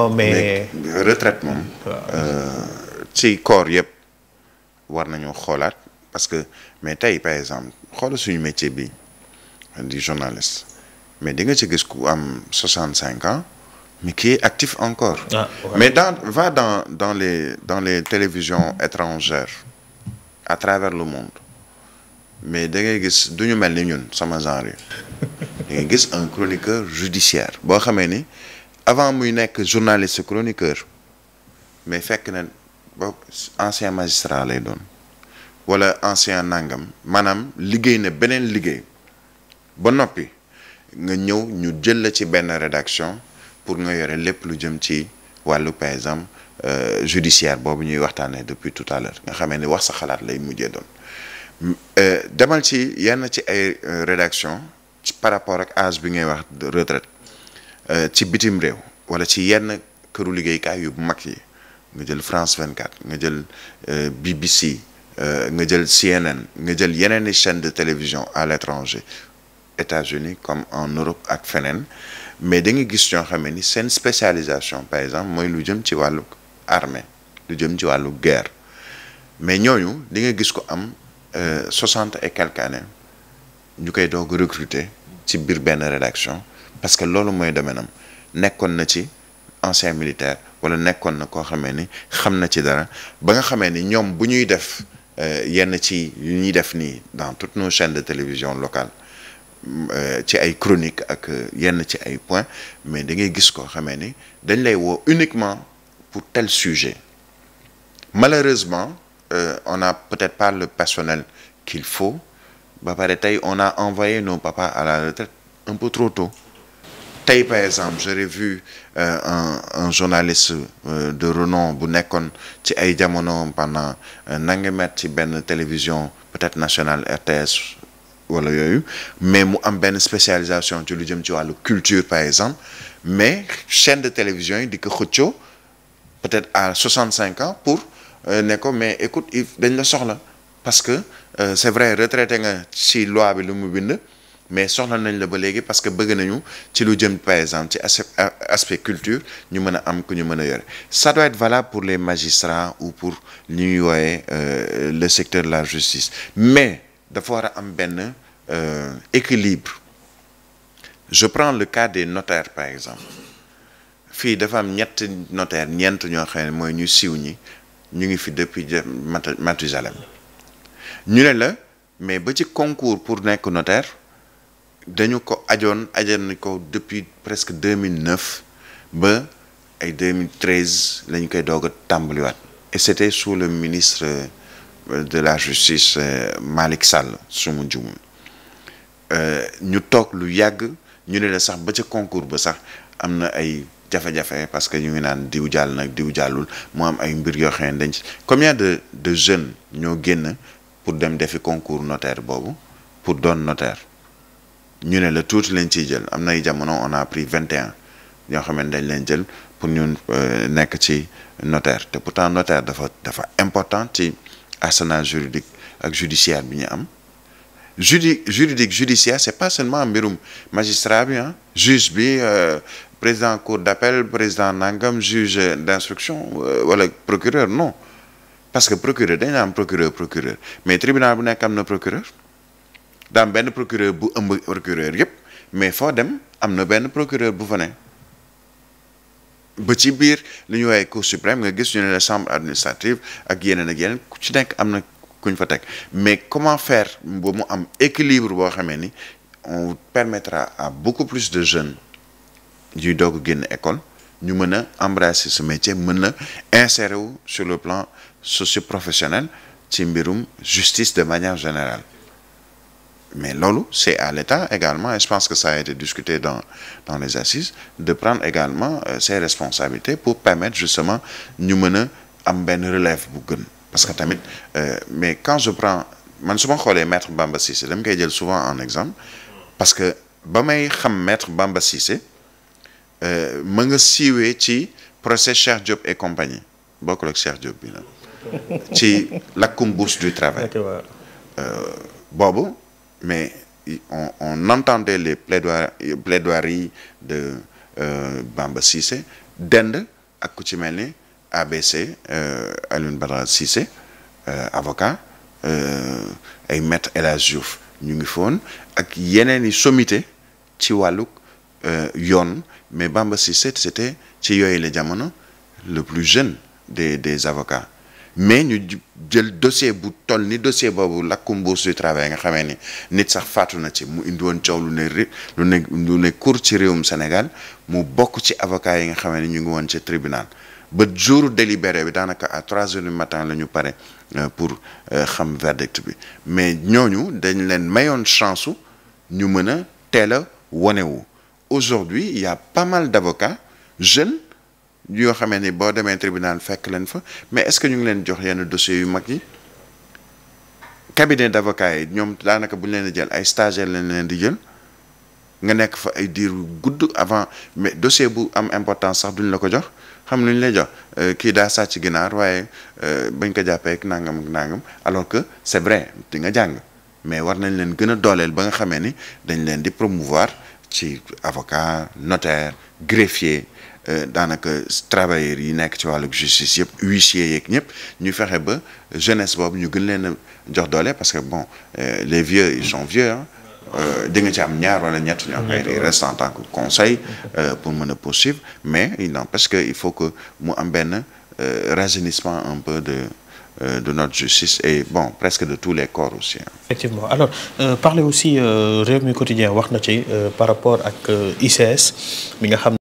Oh, mais retraite moom. Euh, ci corps yëpp war nañu xoolaat parce que mais tey par exemple xoola suñu métier bi di journaliste mais di nga ci gis ku am soixante cinq ans mais qui est actif encore. Ah, ouais. mais dans va dans dans les dans les télévisions étrangères à travers le mais da ngay gis du ñu mel ni ñun sama genre yi da ngay gis un chroniqueur judiciaire boo xamee ni. avant muy nekk journaliste chroniqueur mais fekk na ba ancien magistrat lay doon wala ancien nangam maanaam liggéey na beneen liggéey ba noppi nga ñëw ñu jël la ci benn rédaction pour nga yore lépp lu jëm ci wàllu par exemple euh, judiciaire boobu ñuy waxtaanee depuis tout à l'heure nga xamee ni wax sa xalaat lay mujjee doon euh, demal ci yenn ci ay euh, rédaction par rapport ak âge bi ngay wax retraite Euh, ci bitim réew wala ci yenn këru liggéeykaay yu mag yi nga jël France 24 nga jël euh, BBC euh, nga jël CNN nga jël yeneen i chaîne de télévision à l'étranger États-Unis comme en Europe ak feneen mais da nga gis ñoo xam ne ni seen spécialisation par exemple mooy lu jëm ci wàllu armée lu jëm ci wàllu guerre mais ñooñu di nga gis ko am soixante et quelques années ñu koy doog recruter ci biir benn rédaction parce que loolu mooy domaine am nekkoon na ci ancien militaire wala nekkoon na koo xamee ni xam na ci dara ba nga xamee ni ñoom bu ñuy def euh, yenn ci ñuy def nii dans toutes nos chaînes de télévision locales euh, ci ay chroniques ak euh, yenn ci ay points mais da ngay gis koo xamee ni dañ lay woo uniquement pour tel sujet malheureusement euh, on n'a peut-être pas le personnel qu'il faut ba pare tey on a envoyé nos papas à la retraite un peu trop tôt tey par exemple j'aurais vu euh, un un journaliste euh, bu nekkoon ci ay jamono pendant euh, nangi met ci benn télévision peut-être nationale RTS wala yooyu mais mu am benn spécialisation ci lu jëm ci wàllu culture par exemple mais chaîne de télévision yi di ko xëccoo peut-être à 65 ans pour euh, ne ko mais écoute dañ la soxla parce que euh, c'est vrai retraité nga ci loi bi lu mu bind mais soxla nañ la ba léegi parce que bëgg nañu ci lu jëm par exemple ci aspect culture ñu mën a am ku ñu mën a yore ça doit être valable pour les magistrats ou pour ñu ñuy wooyee euh, le secteur de la justice mais dafa war a am benn euh, équilibre je prends le cas des notaires par exemple fii dafa am ñett notaire ñeent ñoo xam ne mooy ñu siiw ñi ñu ngi fi depuis Mathusalem ñu ne la mais ba ci concours pour nekk notaire dañu ko ajoon ajoon nañ ko depuis presque 2009 ba ay 2013 lañ koy doog a tàmbaliwaat et c'était sous le ministre euh, de la justice euh, Malick Sall su ma jumul euh, ñu toog lu yàgg ñu ne la sax ba ca concours ba sax am na ay jafe-jafe parce que ñu ngi naan diw jàll nag diw jàllul mu am ay mbir yoo xam ne dañ ci combien de de jeunes ñoo génn pour dem defi concours notaire boobu pour doon notaire. ñu ne la tuuti lañ ciy jël am nay jamono on a pris vingt et un ñoo xam ne dañ leen jël pour ñun euh, nekk ci notaire te pourtant notaire dafa dafa important ci arsenal juridique ak judiciaire bi ñu am judi juridique judiciaire c'est pas seulement mbirum magistrat bi ah juge bi euh, président cour d'appel président nangam juge d'instruction euh, wala procureur non parce que procureur dañ na am procureur procureur mais tribunal bu nekk am na procureur daam benn procureur bu ëmb procureur yëpp mais foo dem am na benn procureur bu fane ba ci biir lu ñu woowee cour suprême nga gis ñu ne la chambre administrative ak yeneen ak yeneen ku ci nekk am na ñu fa teg mais comment faire ba mu am équilibre boo xamee ni on permettra à beaucoup plus de jeunes yuy doog génn école ñu mën a embrasser ce métier mën a insérer wu sur le plan socio-professionnel ci mbirum justice de manière générale mais loolu c'est à l'État également je pense que ça a été discuté dans dans les de prendre également euh, ses responsabilités pour permettre justement ñu mën a am benn relève bu gën parce que tamit euh, mais quand je prends man su ma xoolee maître Bamba Cissé dama koy jël souvent en exemple parce que ba may xam maître Bamba Cissé euh, ma nga siiwee ci procès Cheikh Diop et compagnie bokkul ak Cheikh Diop bi la ci lakkum bourse du travail euh, boobu mais on, on entendait les plaidoiries plaidoiries de euh, Bamba Cissé dend ak ku ci mel ni ABC euh, Alioune Badara Cissé euh, avocat euh, ay maître El Hadji Diouf ñu ngi foon ak yeneen i sommité ci wàllug euh, yoon mais Bamba Cissé c'était ci yooyu la jamono le plus jeune des des avocats mais ñu jël dossier bu toll ni dossier boobu lakkum bourse du travail nga xamee ni nit sax faatu na ci mu indi woon coow lu ne lu ne lu ne cour ci réewum Sénégal mu bokk ci avocat yi nga xamee ni ñu ngi woon ci tribunal ba jour délibéré bi daanaka à trois heures du matin la ñu pare euh, pour euh, xam verdict bi mais ñooñu dañ leen mayoon chance ñu mën a teel a wane wu aujourd'hui il y a pas mal d'avocats jeunes yoo nga xamee ni boo demee tribunal fekk leen fa mais est-ce que ñu ngi leen jox yenn dossiers yu mag yi cabinet d'avocats yi ñoom daanaka bu ñu leen di jël ay stagiaires lañ leen di jël nga nekk fa ay diir gudd avant mais dossier bu am important sax duñ la ko jox xam nuñ ñu lay jox euh, kii daa sàcc ginaar waaye euh, bañ ko jàppee ak nangam ak nangam alors que c'est vrai di nga jàng mais war nañ leen gën a dooleel ba nga xamee ni dañ leen di promouvoir ci avocat notaire greffier Euh, daanaka travailleurs yi nekk ci wàllu justice yëpp huissiers yeeg ñëpp ñu fexe ba jeunesse boobu ñu gën leen jox doole parce que bon euh, les vieux ils sont vieux hein. Euh, nga ci am ñaar wala ñett ñoo xam ne reste en tant que conseil pour mën a poursuivre mais il n'empêche que il faut que mu am benn rajeunissement un peu de euh, de notre justice et bon presque de tous les corps aussi. effectivement aussi Rewmi Quotidien wax na ci par rapport ak ICS mi nga xam.